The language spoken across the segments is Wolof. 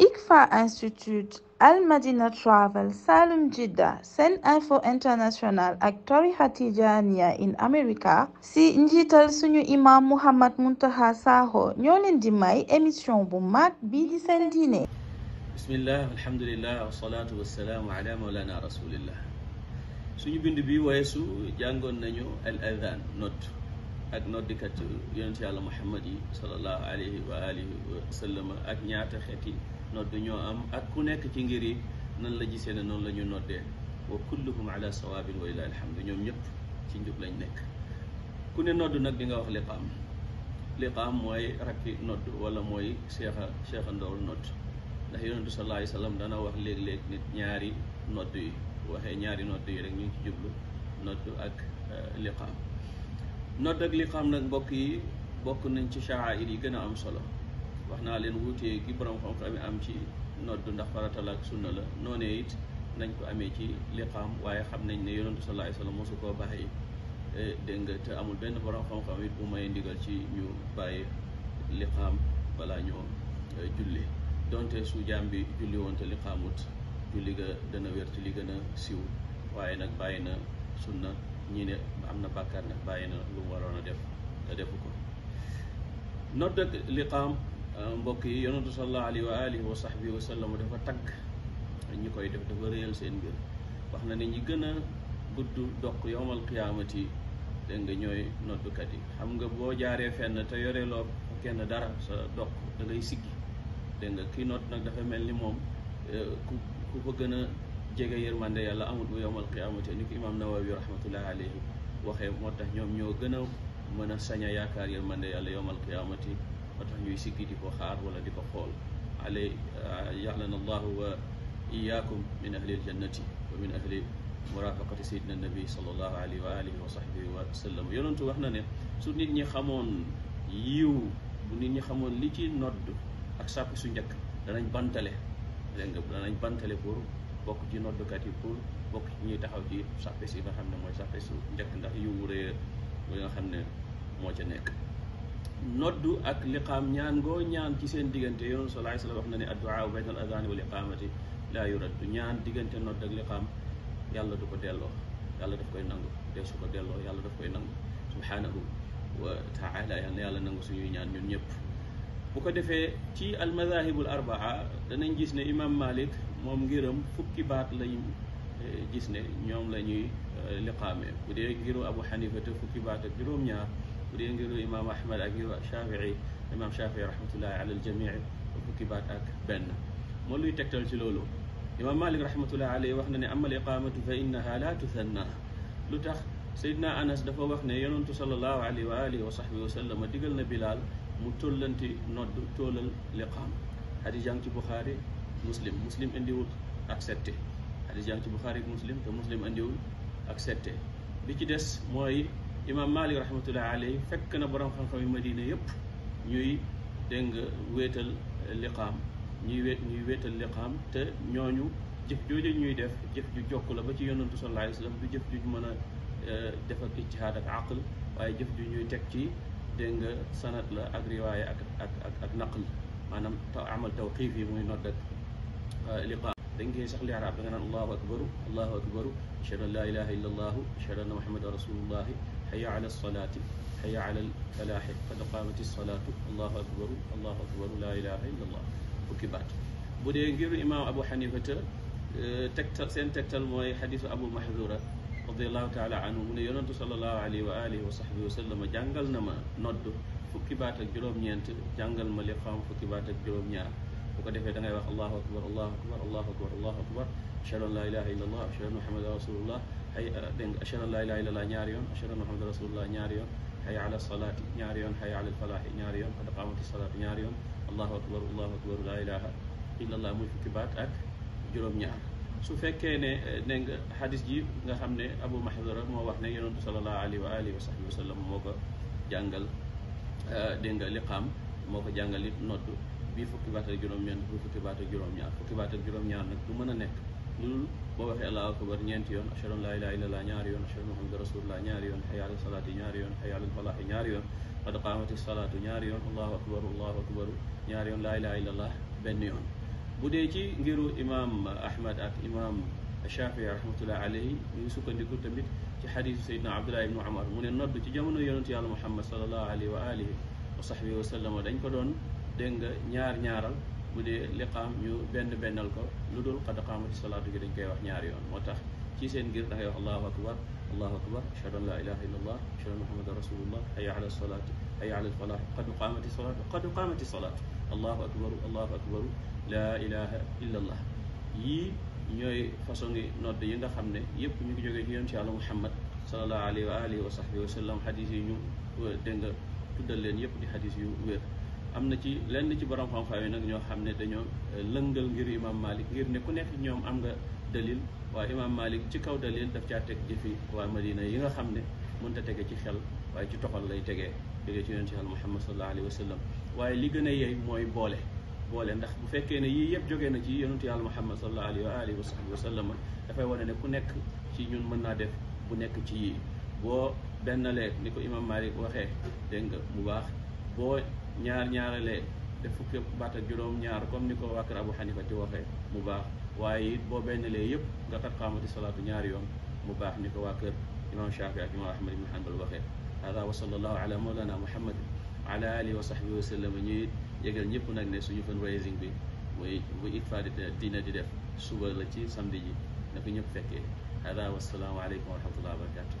ICFA Institute Al Madina Travel Salum Jidda Sen Info International ak tarixa Tijaaniya in America si njiital suñu imam Mouhammad Muntaqa Sakho ñoo leen di may émission bu mag bii di seen diine bismillah alhamdulillah wasalaatu wasalaamu ala mawlana rasulillah suñu bind bi weesu jàngoon nañu al adhan nodd ak noddikat yonent yàlla Muhammad yi sallallahu alayhi wa alihi wa sallama ak ñaata xeeti nodd ñoo am ak ku nekk ci ngir yi nan la gisee ne noonu la ñu noddee wa kulluhum ala sawaabin wa lillahi alhamdu ñoom ñëpp ci njub lañ nekk ku ne nodd nag di nga wax liqaam liqaam mooy rakki nodd wala mooy seexa seexa ndooru nodd ndax yonentu sallallahu alayhi wasallam dana wax léeg-léeg nit ñaari nodd yi waxee ñaari nodd yi rek ñu ngi ci jublu nodd ak eh, liqaam nodd ak liqaam nag mbokk yi bokk nañ ci sha'air yi gën a am solo wax naa leen wutee gi borom xam-xam am ci nodd ndax faratal ak sunna la noonee it nañ ko amee ci liqaam waaye xam nañ ne yonentu sallallahu alayhi wasallam mosu koo bàyyi e, dégg nga te amul benn borom xam-xam it bu may ndigal ci ñu bàyyi liqaam balaa ñoo e, julli donte su jaam bi julli woon te liqaamut julli ga dana wér ci li gën a siiw waaye nag bàyyi na sunna ñi ne am na bàkkaar nag bàyyi na lu mu waroon a def te defu ko nodd ak liqaam Euh, mbokk yi yonentu sallallahu alayhi wa alihi wa sahbihi wa sallam dafa tagg ñi koy def dafa réyal seen mbir wax na ne ñi gën a gudd doq yowmal qiyaamati dégg nga ñooy noddukat yi xam nga boo jaaree fenn te yoreeloo kenn dara sa doq da ngay siggi dégg nga kii noot nag dafa mel ni moom euh, ku ku ko gën a jege yërmande yàlla amul bu yowmal qiyaamati ni ko imaam nawawi rahmatullahi alayhi waxee moo tax ñoom ñoo gën a mën a sañ a yaakaar yërmande yàlla yowmal qiyaamati ba tax di ko xaar wala di ko xool euh, alay yaxlan allahu wa iyaakum min ahli aljannati wa min ahli murafaqati sayidina nabi sallallahu alayhi wa alihi wa sahbihi wa sallam yonentu wax na ne su nit ñi xamoon yiw bu nit ñi xamoon li ci nodd ak sàpp su njëkk danañ bantale dégg nga danañ bantale pour bokk ci noddukat yi pour bokk ci ñuy taxaw ci sàppe si nga xam ne mooy sàppe su njëkk ndax yiw wu rëy nga xam ne moo ca nekk noddu ak liqaam ñaan ngoo ñaan ci seen diggante yoon salaay salaam wax na ne adduaa bayna al adaan wal iqaamati laa yuraddu ñaan diggante nodd ak liqaam yàlla du ko delloo yàlla daf koy nangu te su ko delloo yàlla daf koy nangu subhaanahu wa taala yal na yàlla nangu suñuy ñaan ñun ñëpp bu ko defee ci al madahibul arbaa danañ gis ne imam malik moom ngiram fukki baat lañ eh, gis ne ñoom la ñuy eh, liqaamee bu dee ngiru abu xanifata fukki baat ak juróom-ñaar bu dee ngiru imaam ahmad ak ngiru shafii imaam shafii rahmatullahi ala aljamii fukki baat ak benn moo luy tegtal ci loolu imaam malik rahmatullahi alayhi wax na ne amal iqaamatu fa innaha la tuthanna lu tax sayidna anas dafa wax ne yonentu salallahu alayhi wa alihi wa sahbihi wa sallama digal na bilaal mu tóllanti nodd tóolal liqaam xadis jàng ci buxaari muslim muslim indiwul accepté xadis jàng ci buxaari muslim te muslim indiwul accepté bi ci des mooy imaam Maalik rahmatullahi alayhi fekk na borom xam-xam yu Madina yëpp ñuy dégg nga wéetal liqaam ñuy wéet ñuy wéetal liqaam te ñooñu jëf jooju ñuy def jëf ju jokk la ba ci yonantu sallallahu alayhi wa sallam du jëf ju mën a euh, def ak ijtihaad ak aql waaye jëf ju ñuy teg ci dégg nga sanat la ak riwaaya ak ak ak ak naql maanaam taw amal tawqiif yi muy nodd ak euh, liqaam dañ koy sax liaraab da nga naan allahu akbaru allahu akbaru ashhadu an la ilaha illa allahu ashhadu anna muhammadan rasulullahi xaya ala lsolaati xaya ala lfalaaxi qad qaamati lsolaatu allahu akbaru allahu akbaru laa ilaha illa allah fukki baat bu dee ngir imaam abu xanifata eh, tegtal seen tegtal mooy xadisu abu mahdura radiallahu taala anhu mu ne yonentu salallahu alayhi wa alihi wa sahbihi wa sallama jàngal na ma nodd fukki baat ak juróom-ñeent jàngal ma liqaam fukki baat ak juróom-ñaar bu ko defee da ngay wax allahu akbar allahu akbar allahu akbar allahu akbar ashhadu an la ilaha illa allah ashhadu anna muhammadan rasulullah ay ah, dégg nga ashhadu an laa ilaaha illallaah ñaari yoon ashhadu anna muhammadan rasulullah ñaari yoon hayya ala salaati ñaari yoon hayya ala falaahi ñaari yoon qad qaamati salaatu ñaari yoon allahu akbar allahu akbar laa ilaaha illallaah muy fukki baat ak juróom-ñaar su fekkee ne eh, dégg nga xadis ji nga xam ne abu mahdara moo wax ne yonentu salallaahu alayhi wa alihi wa sahbi wa sallam moo ko jàngal eh, dégg nga liqaam moo ko jàngal it nodd bii fukki baat ak juróom-ñaar bii fukki baat ak juróom-ñaar fukki baat ak juróom-ñaar nag du mën a nekk loolu hmm. boo waxee allahu akbar ñeenti yoon ashhadu an laa ilaaha illallah ñaari yoon ashhadu muhammadu rasulullah ñaari yoon hayya ala salaati ñaari yoon hayya ala falaahi ñaari yoon qad qaamati salaatu ñaari yoon allahu akbar allahu akbar ñaari yoon laa ilaaha illallah benn yoon bu dee ci ngiru imam ahmad ak imam Shaafi rahmatullah alayhi ñu ngi sukkandiku tamit ci xadiisu Seydina Abdullah ibnu Umar mu ne nodd ci jamono yonentu yàlla Muhammad sallallahu alayhi wa alihi wa sahbihi wa sallam dañ ko doon dégg nga ñaar ñaaral bu dee liqaam ñu benn bennal ko lu dul qad qaamati salaatu gi dañ koy wax ñaari yoon moo tax ci seen ngir dangay wax allahu akbar allahu akbar ashhadu an laa ilaha illa allah ashhadu anna muhammadan rasulullah hayya ala salaati hayya ala falah qad qaamati salaatu qad qaamati salaatu allahu akbaru allahu akbaru laa ilaha illa allah yii ñooy façon ngi nodd yi nga xam ne yëpp ñu ngi jógee ci yoon ci yàlla muhammad sallallahu alayhi wa alihi wa sahbihi wa sallam xadis yi ñu dégg leen yëpp di xadis yu am na ci lenn ci borom xam-xam yi nag ñoo xam ne dañoo euh, lëngal ngir imam malik ngir ne ku nekk ñoom am nga dalil waaye imam malik ci kaw dalil daf caa teg jëfi waa madina yi nga xam ne mënta tege ci xel waaye ci toxal lay tegee jógee ci yonent yàlla muhammad sallallahu alayhi wa sallam li gën a yey mooy boole boole ndax bu fekkee ne yii yëpp jógee na ci yonent yàlla muhammad sallallahu alayhi wa alihi wa sahbihi wa sallam dafay wane ne ku nekk ci ñun mën naa def bu nekk ci yii boo benn leeg ni ko imam malik waxee dégg nga bu baax boo ñaar ñaarale te fukki baat ak juróom ñaar comme ni ko waa kër Abu Xanifa ci waxee mu baax waaye it boo bennalee yëpp nga xat xaamati salaatu ñaari yoon mu baax ni ko waa kër imam Shaafi ak imam Ahmad ibn Hanbal waxee hada wa sallallahu ala mawlana muhammad ala alihi wa sahbihi wa sallam ñuy yëgal ñëpp nag ne suñu fundraising bi muy bu Itfaa dina di def suba la ci samedi ji na ko ñëpp fekkee hada wa salaamu aleykum wa rahmatullahi wa barakatuh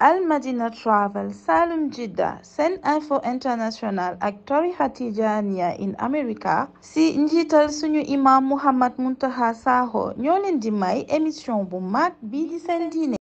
al madina travel salum jidda sen info international ak tarixa tijaaniya in america si njiital suñu imam muhammad muntaha sakho ñoo leen di may émission bu mag bi di seen